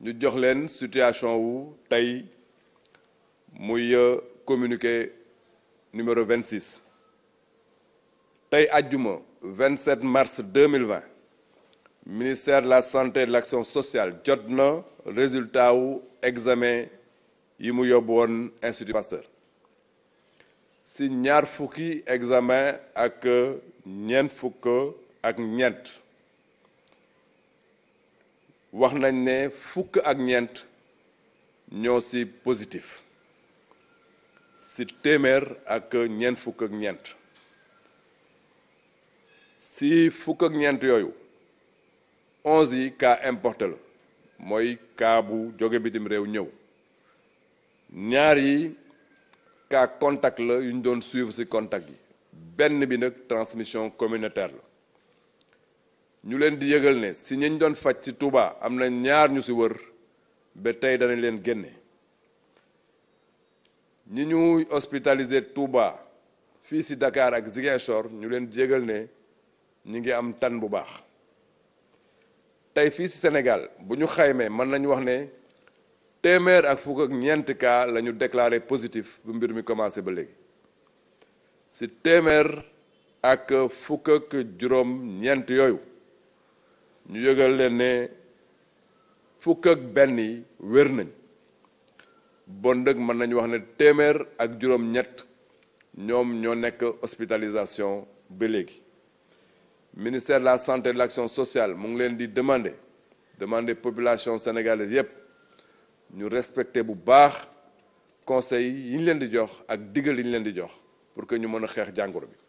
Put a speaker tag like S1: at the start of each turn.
S1: Nous jox situation wu tey euh, communiqué numéro 26 tey àjjuma 27 mars 2020 ministère de la santé et de l'action sociale jot résultat ou examen yi mu yóbbu institut Pasteur si ñaar fukki examen ak euh, ñeent fukk ak ñeent wax nañ ne fukk ak ñent ñoo ci positif ci téeméer ak ñen fukk ak ñent ci fukk ak ñent yooyu 11 yi cas importé la mooy cas bu jóge bitim réew ñëw ñaar yi ka contact la yu doon suivre ci contact yi benn bi nag transmission communautaire la ñu leen di yëgal ne si ñi ñu doon faj ci Touba am na ñaar ñu si wër ba tey danañ leen génne ñi ñuy hospitalisé Touba fii si Dakar ak Ziguinchor ñu leen di yëgal ne ñi ngi am tan bu baax tey fii si senegal bu ñu xaymee mën nañu wax ne téeméer ak fukk ak ñeent cas la ñu positif bu mbir mi commencé ba léegi si téeméer ak fukk ak juróom ñeent yooyu ñu yëgal leen ne fukk ak benn yi wér nañ bon dëgg mën nañu wax ne téeméer ak juróom-ñett ñoom ñoo nekk hospitalisation ba léegi ministère de la santé et de l'action sociale mu ngi leen di demander demander population sénégalaise yépp ñu respecté bu baax conseil yi ñu leen di jox ak digal yi ñu leen di jox pour que ñu mën a xeex jàngoro bi